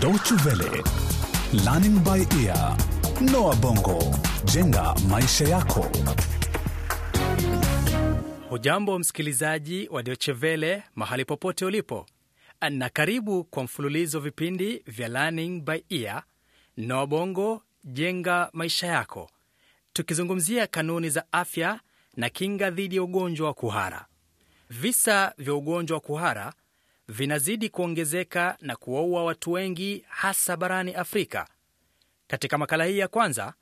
Deutsche Welle, Learning by Ear, Noah Bongo, jenga maisha yako. Hujambo msikilizaji wa Deutsche Welle mahali popote ulipo, na karibu kwa mfululizo wa vipindi vya Learning by Ear, Noah Bongo, jenga maisha yako, tukizungumzia kanuni za afya na kinga dhidi ya ugonjwa wa kuhara. Visa vya ugonjwa wa kuhara vinazidi kuongezeka na kuwaua watu wengi hasa barani Afrika. Katika makala hii ya kwanza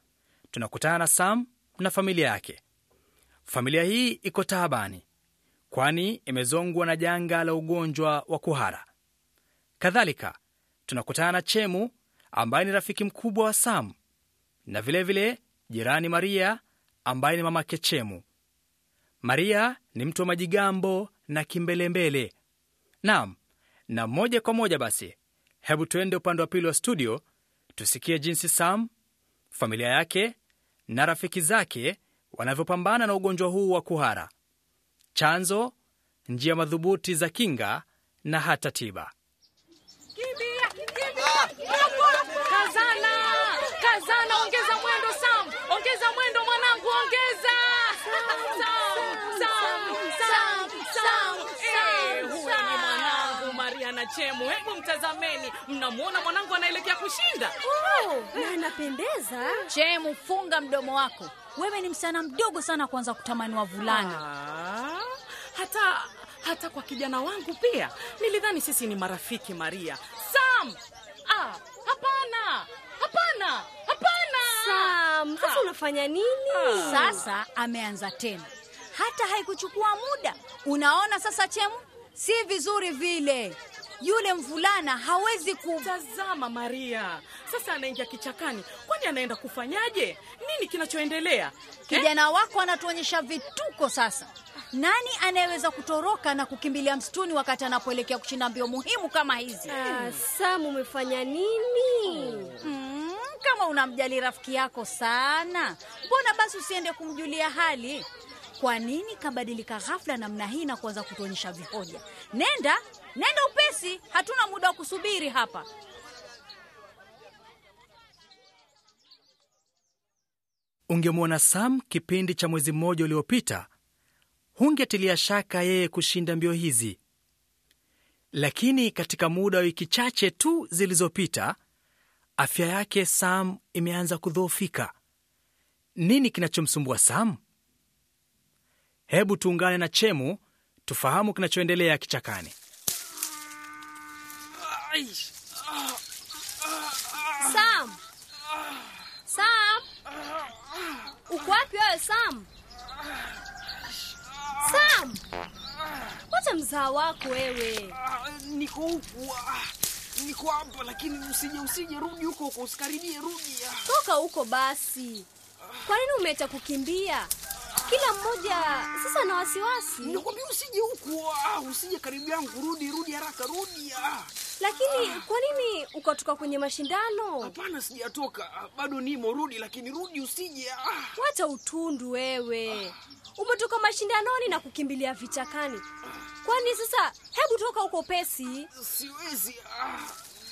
tunakutana na Sam na familia yake. Familia hii iko taabani, kwani imezongwa na janga la ugonjwa wa kuhara. Kadhalika tunakutana na Chemu ambaye ni rafiki mkubwa wa Sam na vilevile vile, jirani Maria ambaye ni mamake Chemu. Maria ni mtu wa majigambo na kimbelembele Naam, na moja kwa moja basi, hebu tuende upande wa pili wa studio tusikie jinsi Sam, familia yake na rafiki zake wanavyopambana na ugonjwa huu wa kuhara, chanzo, njia madhubuti za kinga na hata tiba. chemu. Hebu mtazameni, mnamwona mwanangu anaelekea kushinda. Oh, na anapendeza. Chemu, funga mdomo wako. Wewe ni msichana mdogo sana kuanza kutamani wavulana. Ah, hata hata kwa kijana wangu pia nilidhani sisi ni marafiki Maria. Sam! Ah, hapana. Hapana. Hapana. Sam, sasa ah. unafanya nini? Ah. Sasa ameanza tena. Hata haikuchukua muda. Unaona sasa Chemu? Si vizuri vile yule mvulana hawezi ku... Tazama Maria, sasa anaingia kichakani, kwani anaenda kufanyaje? Nini kinachoendelea? Kijana eh, wako anatuonyesha vituko sasa. Nani anayeweza kutoroka na kukimbilia msituni wakati anapoelekea kushinda mbio muhimu kama hizi? Ah, hmm. Sam, umefanya nini? Mm, kama unamjali rafiki yako sana, mbona basi usiende kumjulia hali? Kwa nini kabadilika ghafla namna hii na kuanza kutuonyesha vihoja? Nenda Nenda upesi, hatuna muda wa kusubiri hapa. Ungemwona Sam kipindi cha mwezi mmoja uliopita, hungetilia shaka yeye kushinda mbio hizi, lakini katika muda wa wiki chache tu zilizopita, afya yake Sam imeanza kudhoofika. Nini kinachomsumbua Sam? Hebu tuungane na Chemu tufahamu kinachoendelea kichakani. Sam! Sam! Uko wapi wewe Sam? Sam! Wacha mzaa wako wewe. Niko huku. Niko hapa lakini usije usije rudi huko huko usikaribie rudi. Toka huko basi. Kwa nini umeacha kukimbia? Kila mmoja sasa na wasiwasi. Nikwambia usije huku, ah, usije karibu yangu, rudi rudi haraka rudi. Ah. Lakini ah. kwa nini ukatoka kwenye mashindano? Hapana, sijatoka ah, bado, nimo. Rudi lakini rudi, usije. Ah. Wacha utundu wewe. Ah. Umetoka mashindanoni na kukimbilia vichakani, ah. kwani sasa? Hebu toka huko pesi. Siwezi. Ah.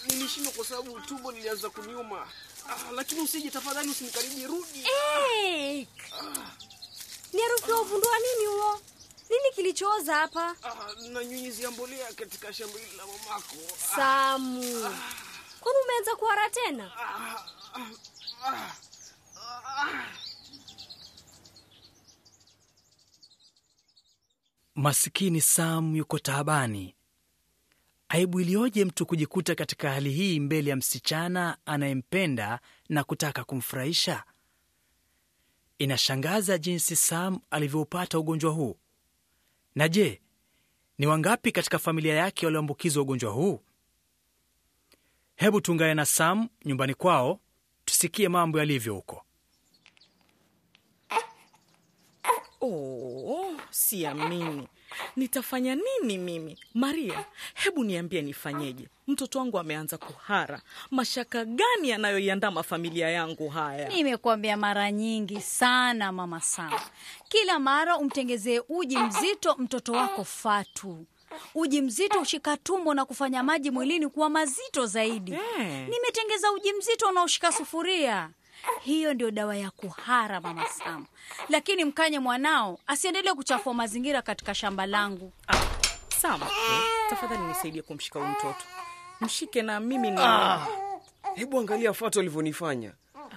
Nilishindwa kwa sababu tumbo lilianza kuniuma. Ah, lakini usije tafadhali, usinikaribie. Rudi. Hey. Ah. Ni harufu ya uvundua nini huo? Nini kilichooza hapa? Ah, nanyunyizia mbolea katika shamba hili la mamako. Samu. Ah. Kwani umeanza kuhara tena? Ah, ah, ah, ah, ah. Masikini Samu yuko taabani. Aibu iliyoje mtu kujikuta katika hali hii mbele ya msichana anayempenda na kutaka kumfurahisha. Inashangaza jinsi Sam alivyoupata ugonjwa huu. Na je, ni wangapi katika familia yake walioambukizwa ugonjwa huu? Hebu tuungane na Sam nyumbani kwao, tusikie mambo yalivyo huko. Oh, siamini nitafanya nini mimi maria hebu niambie nifanyeje mtoto wangu ameanza kuhara mashaka gani yanayoiandama familia yangu haya nimekuambia mara nyingi sana mama sana kila mara umtengezee uji mzito mtoto wako fatu uji mzito ushika tumbo na kufanya maji mwilini kuwa mazito zaidi hey. Eh. nimetengeza uji mzito unaoshika sufuria hiyo ndio dawa ya kuhara, Mama Sam, lakini mkanye mwanao asiendelee kuchafua mazingira katika shamba langu. Ah, Sama, tafadhali nisaidie kumshika huyu mtoto, mshike na mimi ni ah. Hebu angalia Fatu alivyonifanya,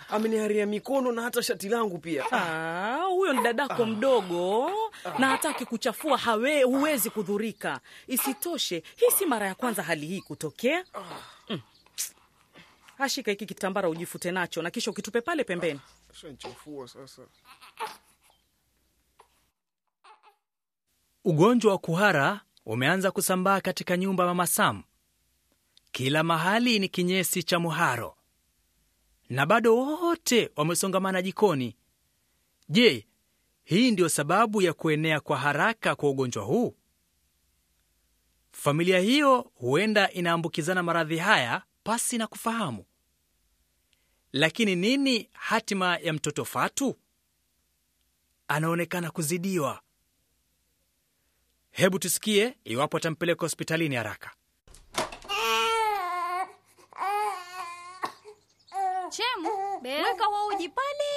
ameniharia mikono na hata shati langu pia. Ah, huyo ni dadako ah. mdogo ah. na hataki kuchafua, hawe huwezi kudhurika. Isitoshe, hii si mara ya kwanza hali hii kutokea ah. mm ashika hiki kitambara ujifute nacho na kisha ukitupe pale pembeni. Ah, sasa. Ugonjwa wa kuhara umeanza kusambaa katika nyumba Mama Sam. Kila mahali ni kinyesi cha muharo, na bado wote wamesongamana jikoni. Je, hii ndiyo sababu ya kuenea kwa haraka kwa ugonjwa huu? Familia hiyo huenda inaambukizana maradhi haya pasi na kufahamu. Lakini nini hatima ya mtoto Fatu? Anaonekana kuzidiwa. Hebu tusikie iwapo atampeleka hospitalini haraka. Chemu, weka wa uji pale.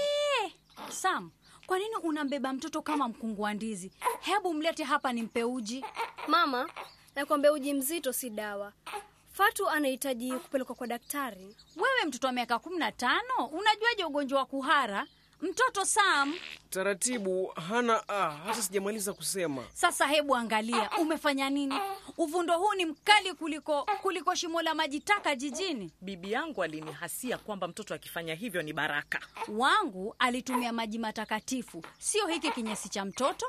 Sam, kwa nini unambeba mtoto kama mkungu wa ndizi? Hebu mlete hapa nimpe uji. Mama, nakwambia uji mzito si dawa. Fatu anahitaji kupelekwa kwa daktari. Wewe mtoto wa miaka kumi na tano unajuaje ugonjwa wa kuhara? Mtoto Sam, taratibu. Hana ah, hata sijamaliza kusema. Sasa hebu angalia umefanya nini. Uvundo huu ni mkali kuliko kuliko shimo la maji taka jijini. Bibi yangu alinihasia kwamba mtoto akifanya hivyo ni baraka. Wangu alitumia maji matakatifu, sio hiki kinyesi cha mtoto.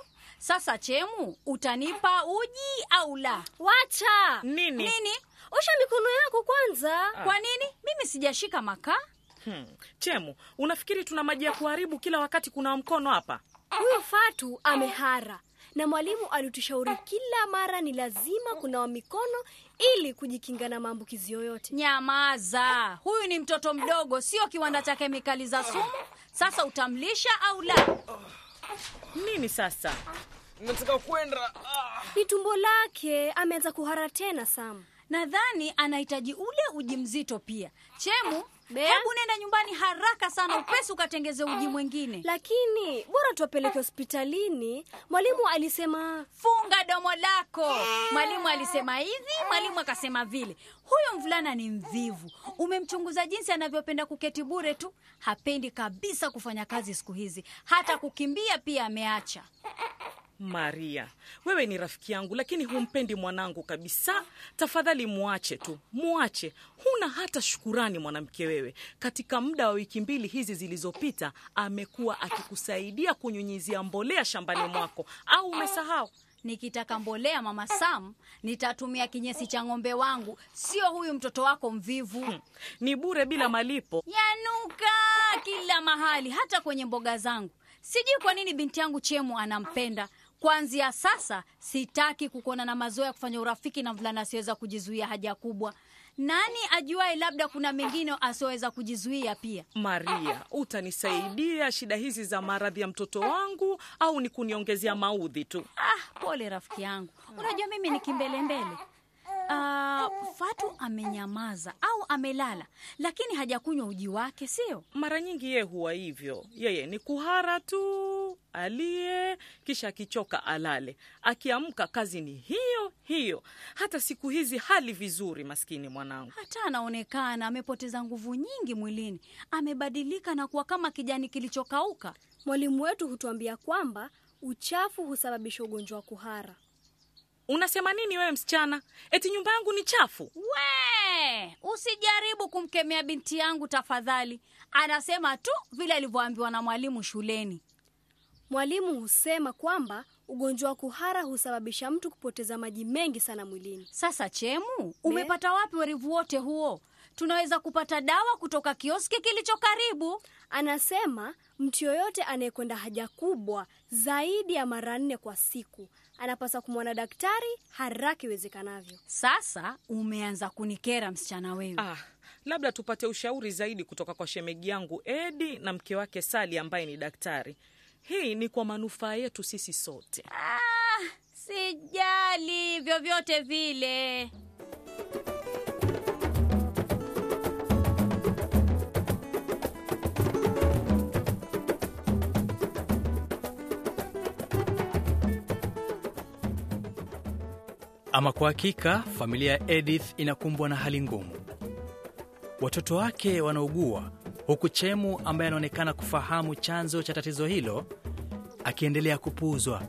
Sasa Chemu, utanipa uji au la? Wacha nini? Nini? Osha mikono yako kwanza. Ah. Kwa nini? Mimi sijashika makaa. Hmm. Chemu, unafikiri tuna maji ya kuharibu kila wakati kuna mkono hapa? Huyo Fatu amehara na mwalimu alitushauri kila mara ni lazima kunawa mikono ili kujikinga na maambukizi yoyote. Nyamaza, huyu ni mtoto mdogo, sio kiwanda cha kemikali za sumu. Sasa utamlisha au la? Oh. Nini sasa? Nataka kwenda. Ah. Ni tumbo lake, ameanza kuhara tena Sam nadhani anahitaji ule uji mzito pia. Chemu, Bea? hebu nenda nyumbani haraka sana, upesi ukatengeze uji mwingine. Lakini bora tuwapeleke hospitalini. Mwalimu alisema. Funga domo lako! Mwalimu alisema hivi, mwalimu akasema vile. Huyo mvulana ni mvivu, umemchunguza jinsi anavyopenda kuketi bure tu. Hapendi kabisa kufanya kazi siku hizi, hata kukimbia pia ameacha. Maria, wewe ni rafiki yangu, lakini humpendi mwanangu kabisa. Tafadhali muache tu, muache. Huna hata shukurani mwanamke wewe. Katika muda wa wiki mbili hizi zilizopita, amekuwa akikusaidia kunyunyizia mbolea shambani mwako, au umesahau? Nikitaka mbolea, Mama Sam, nitatumia kinyesi cha ng'ombe wangu, sio huyu mtoto wako mvivu. Hmm, ni bure bila malipo. Yanuka kila mahali, hata kwenye mboga zangu. Sijui kwa nini binti yangu Chemu anampenda Kuanzia sasa sitaki kukuona na mazoea ya kufanya urafiki na mvulana asiyoweza kujizuia haja kubwa. Nani ajuae, labda kuna mengine asiyoweza kujizuia pia. Maria, utanisaidia shida hizi za maradhi ya mtoto wangu au ni kuniongezea maudhi tu? Ah, pole rafiki yangu, unajua mimi ni kimbelembele Uh, Fatu amenyamaza au amelala, lakini hajakunywa uji wake, sio? Mara nyingi yeye huwa hivyo, yeye ni kuhara tu, aliye kisha akichoka alale, akiamka kazi ni hiyo hiyo. Hata siku hizi hali vizuri, maskini mwanangu, hata anaonekana amepoteza nguvu nyingi mwilini, amebadilika na kuwa kama kijani kilichokauka. Mwalimu wetu hutuambia kwamba uchafu husababisha ugonjwa wa kuhara. Unasema nini wewe msichana? Eti nyumba yangu ni chafu? We, usijaribu kumkemea binti yangu tafadhali. Anasema tu vile alivyoambiwa na mwalimu shuleni. Mwalimu husema kwamba ugonjwa wa kuhara husababisha mtu kupoteza maji mengi sana mwilini. Sasa Chemu, umepata wapi werevu wote huo? Tunaweza kupata dawa kutoka kioski kilicho karibu. Anasema mtu yoyote anayekwenda haja kubwa zaidi ya mara nne kwa siku anapaswa kumwona daktari haraka iwezekanavyo. Sasa umeanza kunikera msichana wewe. Ah, labda tupate ushauri zaidi kutoka kwa shemegi yangu Edi na mke wake Sali ambaye ni daktari. Hii ni kwa manufaa yetu sisi sote. Ah, sijali vyovyote vile. Ama kwa hakika familia ya Edith inakumbwa na hali ngumu. Watoto wake wanaugua, huku Chemu ambaye anaonekana kufahamu chanzo cha tatizo hilo akiendelea kupuuzwa.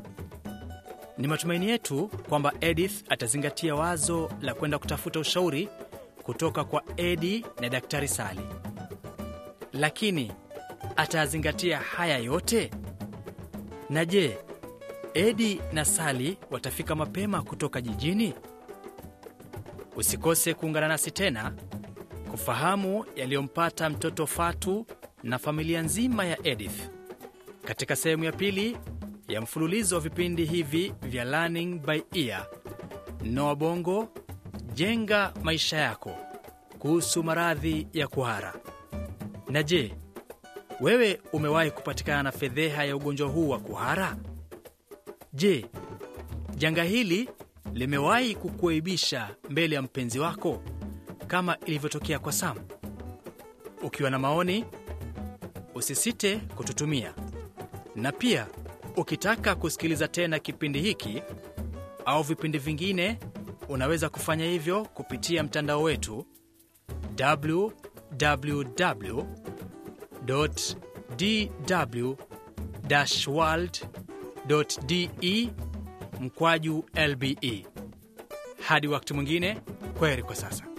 Ni matumaini yetu kwamba Edith atazingatia wazo la kwenda kutafuta ushauri kutoka kwa Edi na Daktari Sali. Lakini atazingatia haya yote? Na je, Edi na Sali watafika mapema kutoka jijini? Usikose kuungana nasi tena kufahamu yaliyompata mtoto Fatu na familia nzima ya Edith katika sehemu ya pili ya mfululizo wa vipindi hivi vya Learning by Ear. Noa Bongo, jenga maisha yako kuhusu maradhi ya kuhara. Na je, wewe umewahi kupatikana na fedheha ya ugonjwa huu wa kuhara? Je, janga hili limewahi kukuaibisha mbele ya mpenzi wako kama ilivyotokea kwa Sam? Ukiwa na maoni, usisite kututumia. Na pia ukitaka kusikiliza tena kipindi hiki au vipindi vingine, unaweza kufanya hivyo kupitia mtandao wetu www.dw-world de mkwaju lbe. Hadi wakati mwingine, kwaheri kwa sasa.